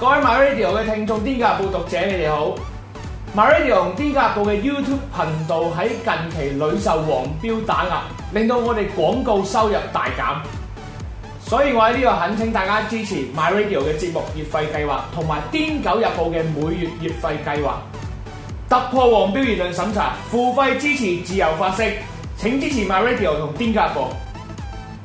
各位 My Radio 嘅聽眾，《癲狗日報》讀者，你哋好！My Radio 同《癲狗日報》嘅 YouTube 頻道喺近期屢受黃標打壓，令到我哋廣告收入大減。所以我喺呢度懇請大家支持 My Radio 嘅節目月費計劃，同埋《癲狗日報》嘅每月月費計劃，突破黃標言論審查，付費支持自由發聲，請支持 My Radio 同《癲狗日報》。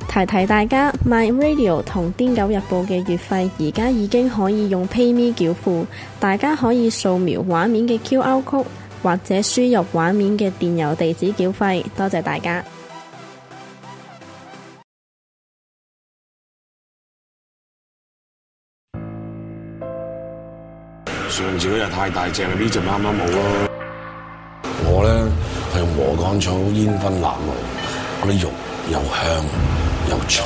提提大家，My Radio 同《癲狗日報》嘅月費而家已經可以用 PayMe 繳付，大家可以掃描畫面嘅 QR Code，或者輸入畫面嘅電郵地址繳費。多謝大家。上次嗰隻太大隻 呢隻啱啱冇咯。我咧係用禾稈草煙熏臘肉，啲肉又香。有趣，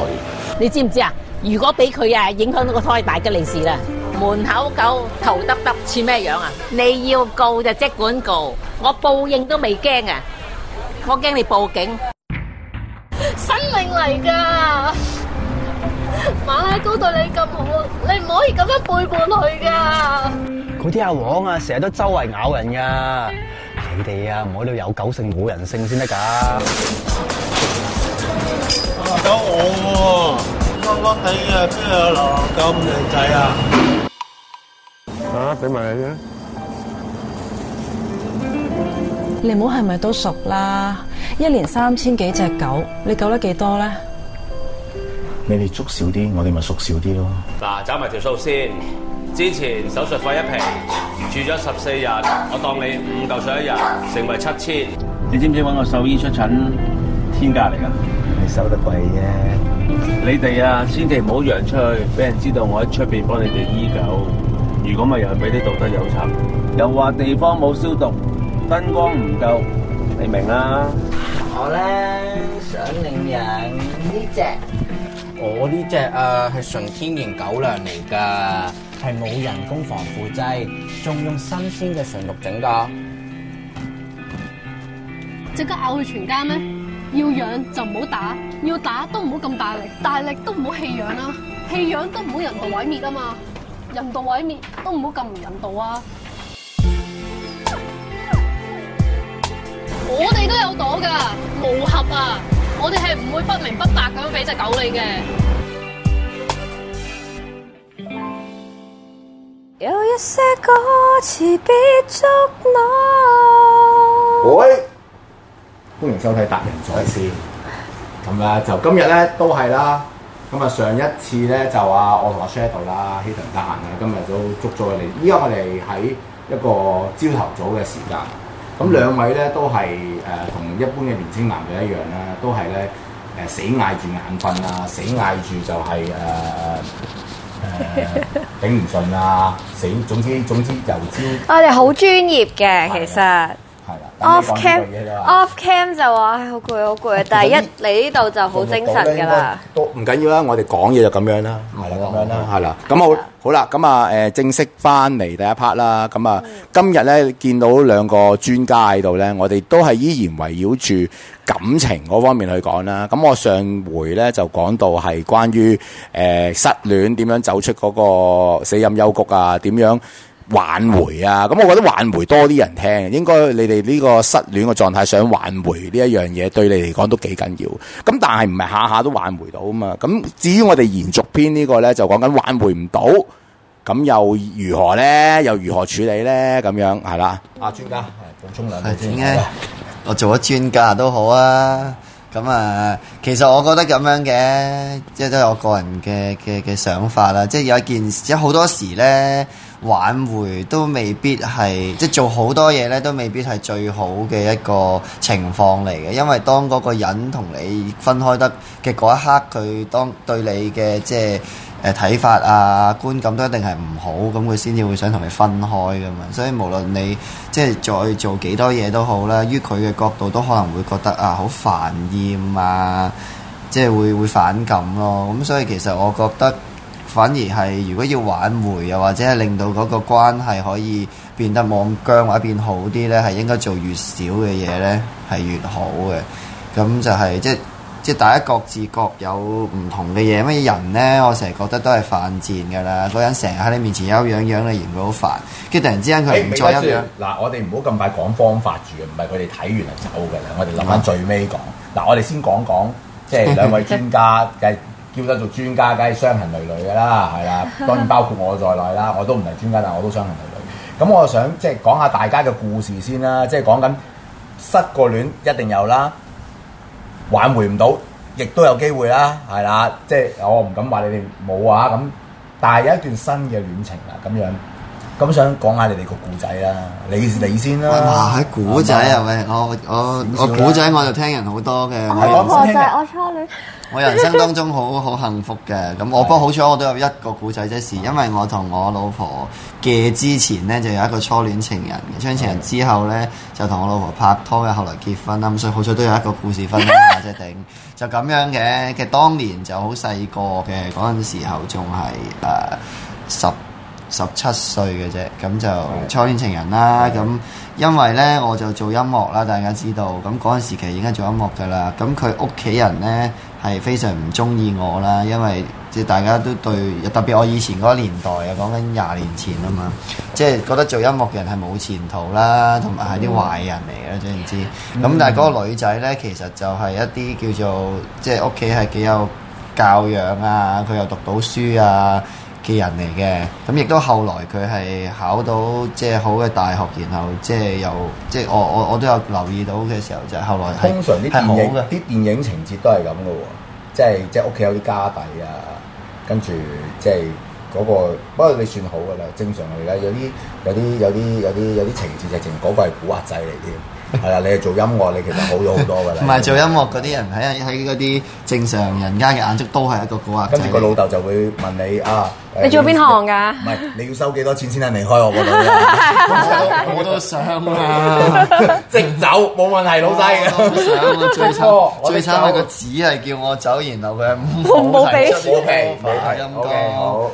你知唔知啊？如果俾佢啊影響到個胎，大吉利事啦！門口狗頭耷耷似咩樣啊？你要告就即管告，我報應都未驚啊！我驚你報警，生命嚟噶！馬拉高對你咁好，你唔可以咁樣背叛佢噶！嗰啲阿黃啊，成日都周圍咬人噶，你哋啊唔好都有狗性冇人性先得噶。我喎，笠笠地啊，邊有落咁靚仔啊？啊，俾埋你先。你唔好係咪都熟啦？一年三千幾隻狗，你救得幾多咧？你哋捉少啲，我哋咪熟少啲咯。嗱，找埋條數先。之前手術費一平，住咗十四日，我當你五舊水一日，成為七千。你知唔知揾個獸醫出診天價嚟噶？收得貴啫，你哋啊，千祈唔好揚出去，俾人知道我喺出邊幫你哋醫狗。如果咪又俾啲道德有仇，又話地方冇消毒，燈光唔夠，你明啦。我咧想領養呢隻，我呢隻啊係純天然狗糧嚟噶，係冇人工防腐劑，仲用新鮮嘅純肉整噶。即刻咬佢全家咩？要養就唔好打，要打都唔好咁大力，大力都唔好棄養啦，棄養都唔好人道毀滅啊嘛，人道毀滅都唔好咁唔人道啊！我哋都有躲噶，無合啊！我哋係唔會不明不白咁樣俾隻狗你嘅。有一些歌詞別捉我。喂。歡迎收睇達仁在線。咁咧就今日咧都係啦。咁啊上一次咧就啊我同阿 Shadow 啦，希頓得閒啦，今日都捉咗佢哋。依家我哋喺一個朝頭早嘅時間。咁兩位咧都係誒同一般嘅年青男人一樣啦，都係咧誒死捱住眼瞓啊，死捱住就係誒誒頂唔順啊，死總之總之由朝。我哋好專業嘅其實。Off cam，off cam 就話唉好攰好攰，但係一嚟呢度就好精神噶啦。都唔緊要啦，我哋講嘢就咁樣啦，咁樣啦，係啦。咁好，好啦，咁啊，誒，正式翻嚟第一 part 啦。咁啊，今日咧見到兩個專家喺度咧，我哋都係依然圍繞住感情嗰方面去講啦。咁我上回咧就講到係關於誒失戀點樣走出嗰個死陰幽谷啊，點樣？挽回啊！咁我覺得挽回多啲人聽，應該你哋呢個失戀嘅狀態，想挽回呢一樣嘢，對你嚟講都幾緊要。咁但係唔係下下都挽回到啊嘛？咁至於我哋延續篇呢個呢，就講緊挽回唔到，咁又如何呢？又如何處理呢？咁樣係啦。啊，專家，補充兩句先。我做咗專家都好啊。咁啊，其實我覺得咁樣嘅，即係都有個人嘅嘅嘅想法啦。即係有一件事，即好多時呢。挽回都未必係，即係做好多嘢咧都未必係最好嘅一個情況嚟嘅，因為當嗰個人同你分開得嘅嗰一刻，佢當對你嘅即係誒睇法啊觀感都一定係唔好，咁佢先至會想同你分開噶嘛。所以無論你即係再做幾多嘢都好啦，於佢嘅角度都可能會覺得啊好煩厭啊，即係會會反感咯。咁所以其實我覺得。反而係，如果要挽回又或者係令到嗰個關係可以變得望僵或者變好啲呢，係應該做越少嘅嘢呢，係越好嘅。咁就係、即係、即即大家各自各有唔同嘅嘢。咩人呢？我成日覺得都係犯賤噶啦。嗰人成日喺你面前休樣樣，你嫌佢好煩。跟住突然之間佢唔再一樣。嗱，我哋唔好咁快講方法住，唔係佢哋睇完就走㗎啦。我哋諗翻最尾講。嗱、嗯，我哋先講講即係兩位專家嘅 叫得做專家，梗係傷痕累累㗎啦，係啦，當然包括我在內啦，我都唔係專家，但係我都傷痕累累。咁我想即係講下大家嘅故事先啦，即係講緊失個戀一定有啦，挽回唔到，亦都有機會啦，係啦，即係我唔敢話你哋冇啊，咁但係有一段新嘅戀情啦，咁樣咁想講下你哋個故仔啦，你你先啦，喺故仔啊，喂，我我我故仔我就聽人好多嘅，我講個就係我初戀。 我人生當中好好幸福嘅，咁我不過的好彩，我都有一個古仔、就是，即係因為我同我老婆嘅之前呢，就有一個初戀情人嘅，初戀情人之後呢，就同我老婆拍拖，又後來結婚啦，咁所以好彩都有一個故事分享啫，頂就咁、是、樣嘅。 其實當年就好細個嘅，嗰陣時候仲係誒十十七歲嘅啫，咁、呃、就初戀情人啦。咁的因為呢，我就做音樂啦，大家知道，咁嗰陣時期已經做音樂噶啦，咁佢屋企人呢。係非常唔中意我啦，因為即係大家都對，特別我以前嗰個年代啊，講緊廿年前啊嘛，即係覺得做音樂人係冇前途啦，同埋係啲壞人嚟嘅，總言之。咁但係嗰個女仔呢，其實就係一啲叫做即係屋企係幾有教養啊，佢又讀到書啊，人嚟嘅，咁亦都後來佢係考到即係、就是、好嘅大學，然後即係又即係、就是、我我我都有留意到嘅時候就係、是、後來通常啲電影啲電影情節都係咁嘅喎，即係即係屋企有啲家底啊，跟住即係嗰個不過你算好嘅啦，正常嚟嘅，有啲有啲有啲有啲有啲情節直情嗰個係蠱惑仔嚟添，係啦， 你係做音樂，你其實好咗好多嘅啦。唔係 做音樂嗰啲人喺喺嗰啲正常人家嘅眼觸都係一個蠱惑仔。跟住個老豆就會問你啊。 你做邊行㗎？唔係，你要收幾多錢先能離開我嗰度？我都想啊，直走冇問題，老細。我都想，最差，最差，係個紙係叫我走，然後佢唔冇俾我皮。冇好，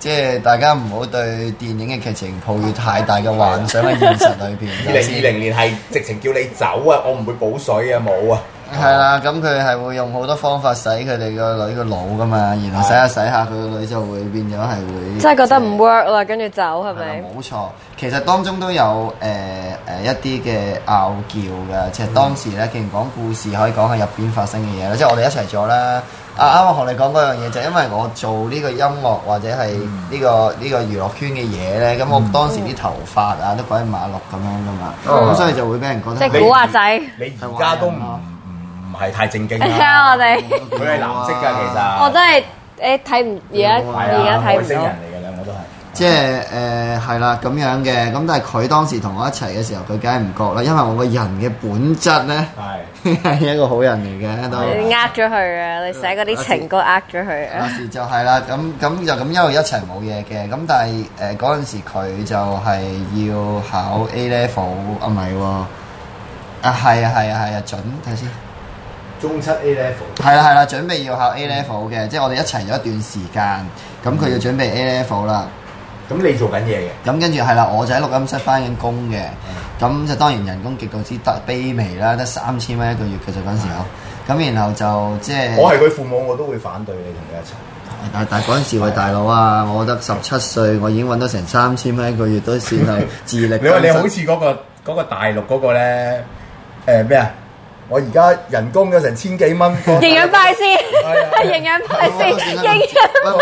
即大家唔好對電影嘅劇情抱有太大嘅幻想喺現實裏邊。二零二零年係直情叫你走啊，我唔會補水啊，冇啊。係啦，咁佢係會用好多方法洗佢哋個女個腦噶嘛，然後洗下洗下佢個的女就會變咗係會，真係覺得唔 work 啦，跟住走係咪？冇錯，其實當中都有誒誒、呃呃呃、一啲嘅拗撬噶，其、就、係、是、當時咧，既然講故事可以講下入邊發生嘅嘢啦，即、就、係、是、我哋一齊做啦。啊啱我同你講嗰樣嘢就係、因為我做呢個音樂或者係呢、這個呢、這個娛樂圈嘅嘢咧，咁、嗯、我當時啲頭髮啊、嗯、都鬼馬六咁樣噶嘛，咁所以就會俾人覺得即係古惑仔，去玩 你而家唔。係太正經啦！我哋佢係藍色㗎，其實我都係誒睇唔而家而家睇唔到。人嚟嘅兩個都係即係誒係啦咁樣嘅，咁但係佢當時同我一齊嘅時候，佢梗係唔覺啦，因為我個人嘅本質咧係一個好人嚟嘅都。呃，呃咗佢啊！你寫嗰啲情歌呃咗佢。當時就係啦，咁咁就咁一路一齊冇嘢嘅，咁但係誒嗰陣時佢就係要考 A level 啊，唔係喎啊，係啊係啊係啊準睇先。中七 A level 係啦，係啦，準備要考 A level 嘅，即係我哋一齊有一段時間，咁佢要準備 A level 啦。咁、嗯、你做緊嘢嘅，咁跟住係啦，我就喺錄音室翻緊工嘅，咁、嗯、就當然人工極度之低，卑微啦，得三千蚊一個月其就嗰、是、陣時咯。咁的然後就即係我係佢父母，我都會反對你同佢一齊。但但係嗰陣時我大佬啊，的我覺得十七歲，我已經揾到成三千蚊一個月都算係自力。 你話你好似嗰、嗰個嗰個大陸嗰個咧誒咩啊？呃我而家人工有成千幾蚊，營養費先，係營養費先，營養費先。唔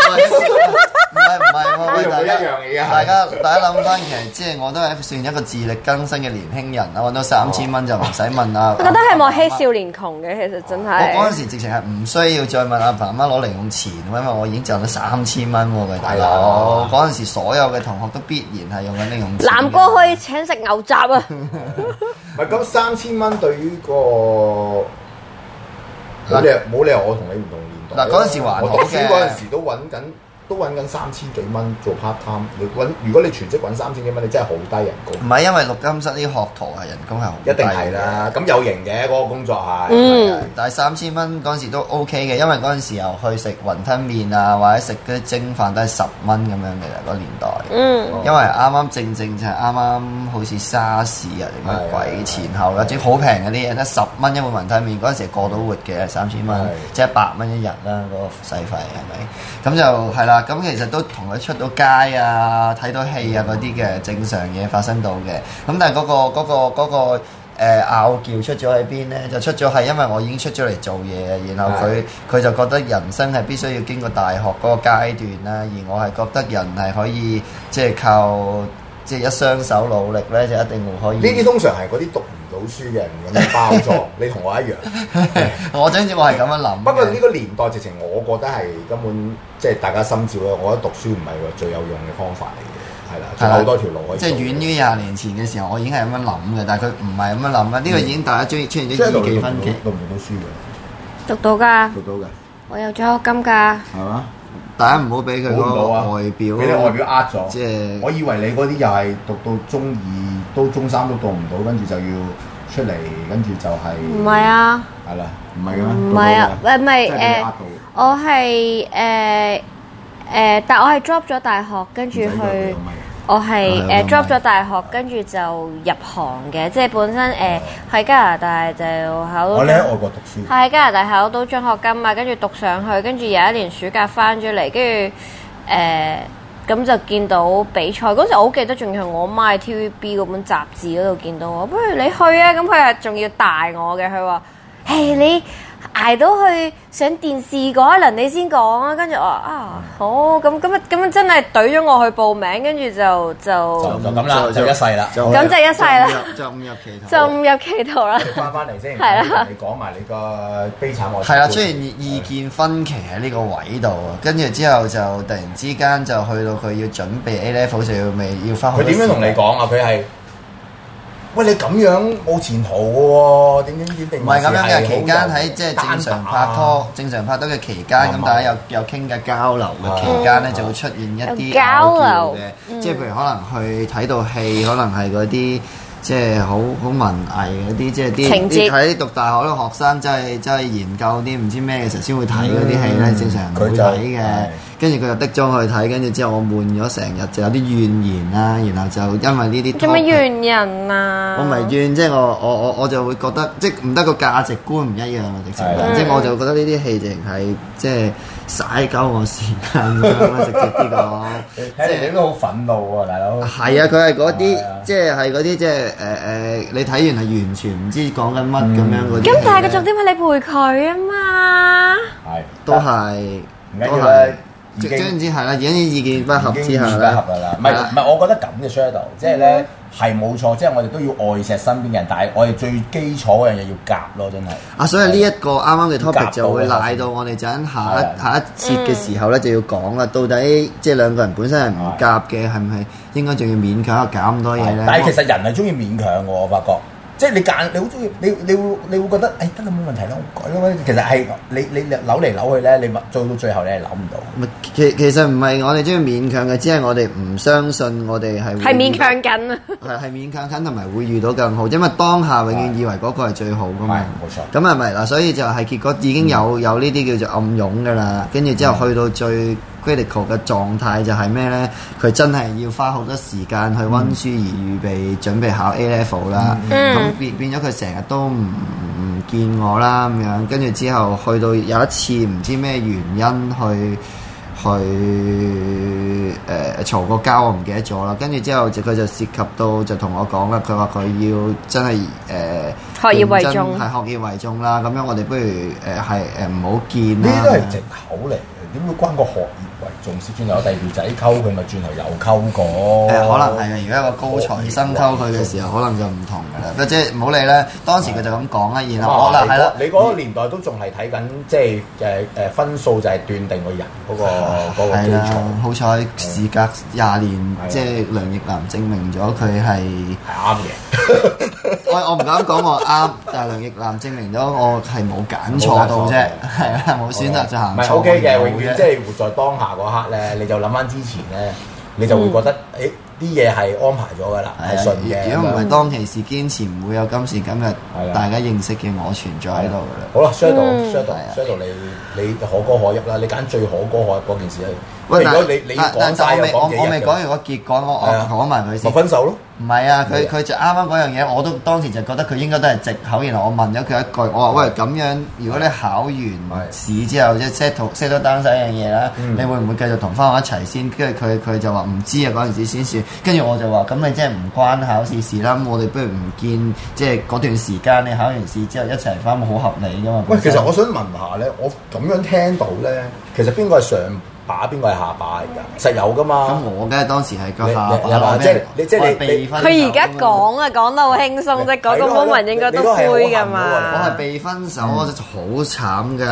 係唔係，唔一樣嘢，大家大家諗翻，其實即係我都係算一個自力更新嘅年輕人啦，搵到三千蚊就唔使問啦。我 覺得係莫欺少年窮嘅，其實真係。 我嗰時直情係唔需要再問阿爸媽攞零用錢，因為我已經賺咗三千蚊喎，大佬。嗰陣 時所有嘅同學都必然係用緊零用錢。南哥可以請食牛雜啊！唔咁三千蚊對於個。個冇理由，冇理由我同你唔同年代。嗱，嗰陣時還好嘅，嗰陣時都揾緊。都揾緊三千幾蚊做 part time，你如果你全職揾三千幾蚊，你真係好低人工。唔係因為錄音室啲學徒啊，人工係好低嘅。一定係啦，咁有型嘅嗰個工作係。嗯、但係三千蚊嗰陣時都 OK 嘅，因為嗰陣時候去食雲吞麵啊，或者食嗰啲蒸飯都係十蚊咁樣嘅啦，個年代。嗯、因為啱啱正正就係啱啱好似沙士啊定乜鬼前後啦，即係好平嗰啲嘢咧，十蚊一碗雲吞麵嗰陣時過到活嘅三千蚊，即係百蚊一日啦，嗰個使費係咪？咁就係啦。咁其實都同佢出到街啊、睇到戲啊嗰啲嘅正常嘢發生到嘅，咁但係、嗰、嗰個、嗰、嗰個、拗、嗰、撬、個呃、出咗喺邊咧，就出咗係因為我已經出咗嚟做嘢，然後佢佢的就覺得人生係必須要經過大學嗰個階段啦，而我係覺得人係可以即係、即係、靠即係、即係、一雙手努力咧，就一定會可以。呢啲通常係嗰啲讀。好書嘅唔咁樣包裝，你同我一樣，我真正我係咁樣諗。不過呢個年代直情，我覺得係根本即係大家心照啦。我覺得讀書唔係話最有用嘅方法嚟嘅，係啦，仲有好多條路可以。即係遠於廿年前嘅時候，我已經係咁樣諗嘅，但係佢唔係咁樣諗啊。呢個已經大家中意出現咗幾幾分幾讀唔到書嘅，讀到噶，讀到噶，我有獎學金噶。係嘛，大家唔好俾佢嗰個外表俾你外表呃咗，即係我以為你嗰啲又係讀到中二都中三都讀唔到，跟住就要。出嚟，跟住就係唔係啊？係啦，唔係啊，唔係啊，唔係誒，uh, 我係誒誒，uh, uh, 但我係 drop 咗大學，跟住去。我係誒、uh, drop 咗大學，跟住就入行嘅，即係本身誒喺、uh, 的加拿大就考到。我呢喺外國讀書。喺加拿大考到獎學金啊，跟住讀上去，跟住有一年暑假翻咗嚟，跟住誒。Uh, 咁就見到比賽嗰時，我好記得，仲喺我媽嘅 TVB 嗰本雜誌嗰度見到我。不如你去啊！咁佢係仲要帶我嘅，佢話 Hey 你。捱到去上電視嗰一輪，你先講啊！跟住我啊，好咁咁啊咁啊，真係懟咗我去報名，跟住就就就咁啦，就一世啦，咁就一世啦，就誤入歧途，就誤入歧途啦。翻翻嚟先，你講埋你個悲慘往事。係啦，雖然意見分歧喺呢個位度，跟住之後就突然之間就去到佢要準備 A level 就要未要翻去。佢點樣同你講啊？佢係？喂，你咁樣冇前途嘅喎，點點點點？唔係咁樣嘅期間，喺即係正常拍拖、正常拍拖嘅期間，咁大家有有傾偈交流嘅期間咧，就會出現一啲交流嘅，即係譬如可能去睇到戲，可能係嗰啲即係好好文藝嗰啲，即係啲啲喺讀大學嗰啲學生，真係即係研究啲唔知咩嘅時候先會睇嗰啲戲咧，正常唔會睇嘅。跟住佢又的咗去睇，跟住之後我悶咗成日，就有啲怨言啦。然後就因為呢啲，做咩怨人啊？我唔係怨，即係我我我我就會覺得，即係唔得個價值觀唔一樣啊！直情，即係我就覺得呢啲戲淨係即係嘥鳩我時間咁樣，直接啲講，即係你都好憤怒喎大佬。係啊，佢係嗰啲，即係係嗰啲，即係誒誒，你睇完係完全唔知講緊乜咁樣啲。咁但係個重點係你陪佢啊嘛。係，都係，都係。總之係啦，而家啲意見不合之下，後咧，唔係唔係，我覺得咁嘅 shadow，即係咧係冇錯，即係我哋都要愛錫身邊嘅人，但係我哋最基礎嗰樣嘢要夾咯，真係。啊，所以呢一個啱啱嘅 topic 就會賴到我哋，就喺下一、嗯、下一節嘅時候咧就要講啦。到底即係兩個人本身係唔夾嘅，係唔係應該仲要勉強下搞咁多嘢咧？但係其實人係中意勉強嘅，我發覺。即係你揀，你好中意你，你會你會覺得，哎，得啦冇問題咯，改咯。其實係你你扭嚟扭去咧，你咪做到最後你係扭唔到。其其實唔係我哋中意勉強嘅，只係我哋唔相信我哋係。係勉強緊啊！係 係勉強緊，同埋會遇到更好，因為當下永遠以為嗰個係最好噶嘛。冇錯。咁係咪嗱？所以就係結果已經有、嗯、有呢啲叫做暗湧噶啦，跟住之後去到最。嗯 m e d 嘅狀態就係咩呢？佢真係要花好多時間去溫書而預備，mm. 準備考 A level 啦。咁，mm. 變變咗佢成日都唔唔見我啦，咁樣。跟住之後去到有一次唔知咩原因去去誒嘈個交，我唔記得咗啦。跟住之後佢就涉及到就同我講啦，佢話佢要真係誒。呃學業為重係學業為重啦，咁樣我哋不如誒係誒唔好見啦。呢都係借口嚟嘅，點會關個學業為重先轉頭第二仔溝佢咪轉頭又溝過？係可能係啊。而家一個高材生溝佢嘅時候，可能就唔同噶啦。即係唔好理咧，當時佢就咁講啦。而我可能係咯，你嗰個年代都仲係睇緊即係誒誒分數就係斷定個人嗰個嗰個基礎。係啊，好彩時隔廿年，即係梁奕藍證明咗佢係係啱嘅。我我唔敢講我。啱，但係梁奕藍證明咗我係冇揀錯到啫，係啊，冇選擇就行。唔係 OK 嘅，永遠即係活在當下嗰刻咧，你就諗翻之前咧，你就會覺得誒啲嘢係安排咗㗎啦，係順嘅。如果唔係當其時堅持，唔會有今時今日大家認識嘅我存在喺度嘅。好啦，share 到，share 到，share 到你你可歌可泣啦，你揀最可歌可泣嗰件事啦。喂，如果你你講曬又講，我未講完個結果，我我問佢先。咪分手咯！唔係啊！佢佢的就啱啱嗰樣嘢，我都當時就覺得佢應該都係藉口。然後我問咗佢一句，我話：的喂，咁樣如果你考完試之後即 set set 咗單嗰樣嘢啦，嗯、你會唔會繼續同翻我一齊先？跟住佢佢就話唔知啊。嗰陣時先算。跟住我就話：咁你即係唔關考試事啦。咁我哋不如唔見即係嗰段時間。你考完試之後一齊翻，好合理噶嘛？喂，其實我想問下咧，我咁樣聽到咧，其實邊個係上？把邊個係下巴嚟㗎？實有噶嘛？咁我梗係當時係個下巴。即係你即係你，佢而家講啊，講得好輕鬆啫。嗰個 moment 應該都灰㗎嘛。我係被分手，好慘㗎！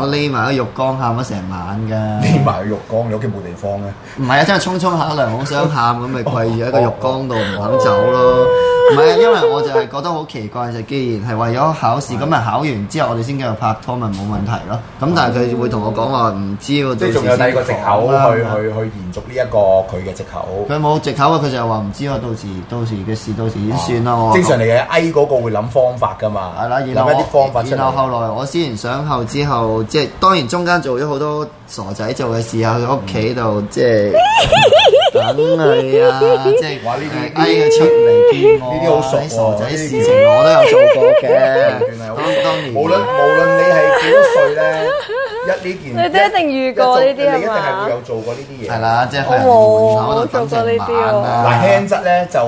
我匿埋個浴缸，喊咗成晚㗎。匿埋個浴缸，你屋企冇地方啊。唔係啊，真係沖沖下涼，好想喊，咁咪跪住喺個浴缸度唔肯走咯。唔係，因為我就係覺得好奇怪就，既然係為咗考試，咁咪考完之後我哋先繼續拍拖咪冇問題咯。咁但係佢會同我講話唔知喎。即個藉口去、嗯、去去延續呢、這、一個佢嘅藉口。佢冇藉口啊！佢就話唔知啊對，到時到時嘅事到時點算啦。哇我正常嚟嘅 A 嗰個會諗方法㗎嘛。係啦，諗一啲方法。然後後來我思前想後之後，即係當然中間做咗好多傻仔做嘅事喺佢屋企度，嗯、即係是。 梗係啊，即係話呢啲翳嘅出嚟見喎，呢啲好熟喎。傻仔事情我都有做過嘅，原來好多年無論無論你係幾歲咧，一呢件一定遇過呢啲係你一定係會有做過呢啲嘢，係啦，即係喺門口等成晚啦。嗱，輕質咧就。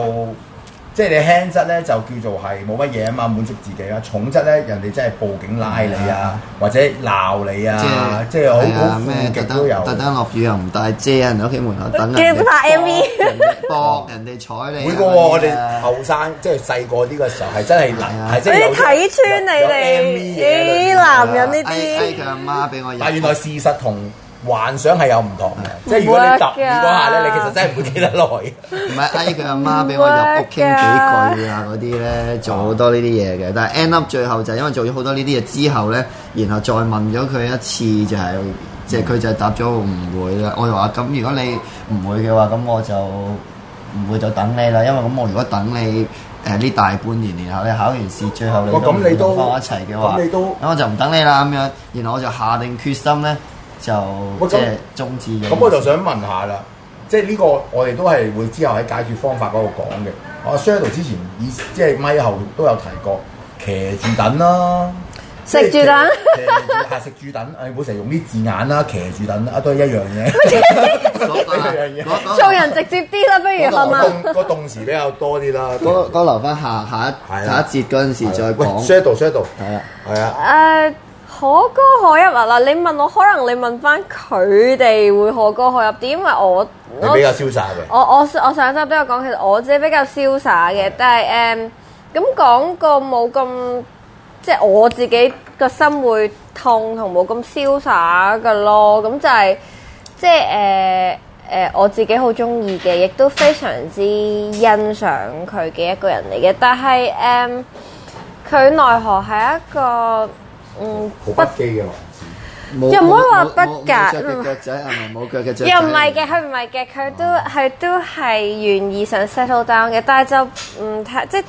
即係你輕質咧就叫做係冇乜嘢啊嘛，滿足自己啦。重質咧人哋真係報警拉你啊，或者鬧你啊，即係好好咩都有。特登特登落雨又唔帶遮，人哋屋企門口等人拍 MV，博人哋彩你。每個我哋後生即係細個啲嘅時候係真係能，係真睇穿你哋啲男人呢啲。但係原來事實同。幻想係有唔同嘅，的即係如果你答，如果下咧，你其實真係唔會記得耐是。唔係，所以佢阿媽俾我入屋傾幾句啊，嗰啲咧，做好多呢啲嘢嘅。但係 end up 最後就係因為做咗好多呢啲嘢之後咧，然後再問咗佢一次，就是，就係即係佢就係答咗唔會啦。我就話咁，如果你唔會嘅話，咁我就唔會再等你啦。因為咁，我如果等你誒呢、呃、大半年，然後你考完試，最後你咁你都放我一齊嘅話，咁你都咁我就唔等你啦咁樣。然後我就下定決心咧。就好似係中智咁，我就想問下啦，即係呢個我哋都係會之後喺解決方法嗰度講嘅。阿 Shadow 之前以即係咪後都有提過騎住等啦，食住等，食住等，誒，冇成日用啲字眼啦，騎住等，都係一樣嘢，做人直接啲啦，不如係嘛？個動詞比較多啲啦，都都留翻下下一下一節嗰陣時再講。Shadow，Shadow，係啊，係啊，誒。可歌可泣啊！嗱，你問我，可能你問翻佢哋會可歌可泣啲，因為我比較瀟灑嘅，我我我上一集都有講，其實我自己比較瀟灑嘅，但係誒咁講個冇咁，即係我自己個心會痛同冇咁瀟灑嘅咯。咁就係、是、即係誒誒我自己好中意嘅，亦都非常之欣賞佢嘅一個人嚟嘅。但係誒佢奈何係一個。嗯，不羈嘅，又唔好話不介，唔，嗯、又唔係嘅，佢唔係嘅，佢都佢、啊、都係願意想 settle down 嘅，但係就唔太，即即，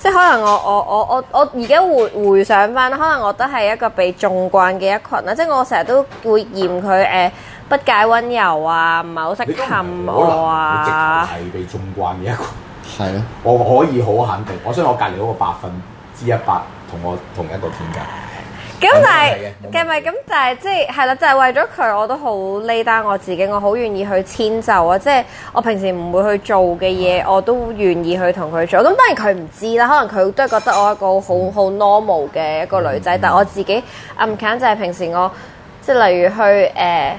即可能我我我我我而家回回想翻可能我都係一個被縱慣嘅一群。啦，即我成日都會嫌佢誒、呃、不解溫柔啊，唔係好識氹我啊，係被縱慣嘅一群。係啊的，我可以好肯定，我所以我隔離嗰個百分之一百同我同一個天界。咁就係，咁咪咁就係，即係係啦，就係、是就是、為咗佢，我都好呢單我自己，我好願意去遷就啊！即、就、係、是、我平時唔會去做嘅嘢，嗯、我都願意去同佢做。咁當然佢唔知啦，可能佢都覺得我一個好好、嗯、normal 嘅一個女仔。嗯、但係我自己暗藏、嗯嗯、就係平時我即係例如去誒、呃，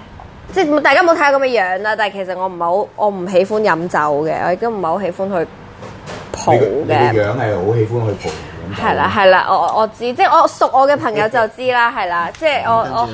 即係大家冇睇我咁嘅樣啦。但係其實我唔係好，我唔喜歡飲酒嘅，我亦都唔係好喜歡去蒲嘅。你個樣係好喜歡去蒲。係啦，係啦，我我知，即係我熟我嘅朋友就知啦，係啦，即係我我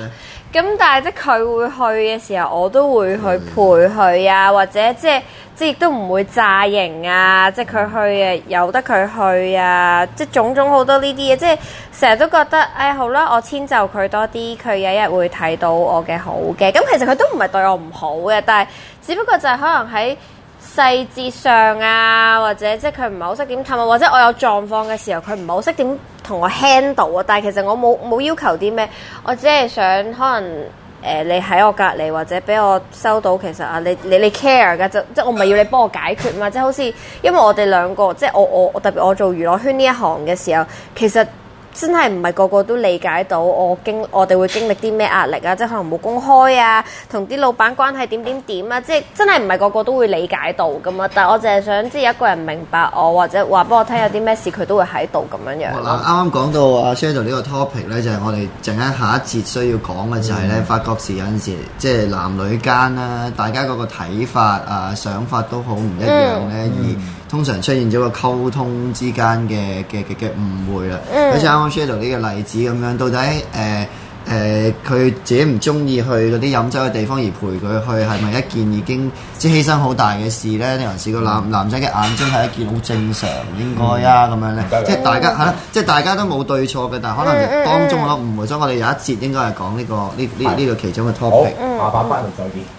咁，但係即係佢會去嘅時候，我都會去陪佢啊，或者即係即係亦都唔會詐型啊，即係佢去誒由得佢去啊，即係種種好多呢啲嘢，即係成日都覺得誒、哎、好啦，我遷就佢多啲，佢有一日會睇到我嘅好嘅，咁其實佢都唔係對我唔好嘅，但係只不過就係可能喺。細節上啊，或者即係佢唔係好識點氹我，或者我有狀況嘅時候，佢唔係好識點同我 handle 啊。但係其實我冇冇要求啲咩，我只係想可能誒、呃，你喺我隔離或者畀我收到，其實啊，你你你 care 㗎，就即係我唔係要你幫我解決嘛，即係好似因為我哋兩個，即係我我特別我做娛樂圈呢一行嘅時候，其實。真係唔係個個都理解到我經我哋會經歷啲咩壓力啊。即係可能冇公開啊，同啲老闆關係點點點啊。即係真係唔係個個都會理解到噶嘛，但係我淨係想即係一個人明白我，或者話俾我聽有啲咩事佢都會喺度咁樣樣、啊。嗱啱啱講到阿 Charles 呢個 topic 咧，就係、是、我哋陣間下一節需要講嘅就係咧，發覺、嗯、時有陣時即係男女間啦，大家個睇法啊、想法都好唔一樣咧，嗯嗯、而通常出現咗個溝通之間嘅嘅嘅誤會啦。嗯嗯呢個例子咁樣，到底誒誒，佢、呃呃、自己唔中意去嗰啲飲酒嘅地方而陪佢去，係咪一件已經即係犧牲好大嘅事呢？咧？還是個男男仔嘅眼中係一件好正常應該啊咁樣呢，嗯、即係大家係咯，嗯、即係大家都冇對錯嘅，但係可能當中我都誤會咗，我哋有一節應該係講呢、呢個呢呢呢個其中嘅 topic。好，下晝返嚟再見。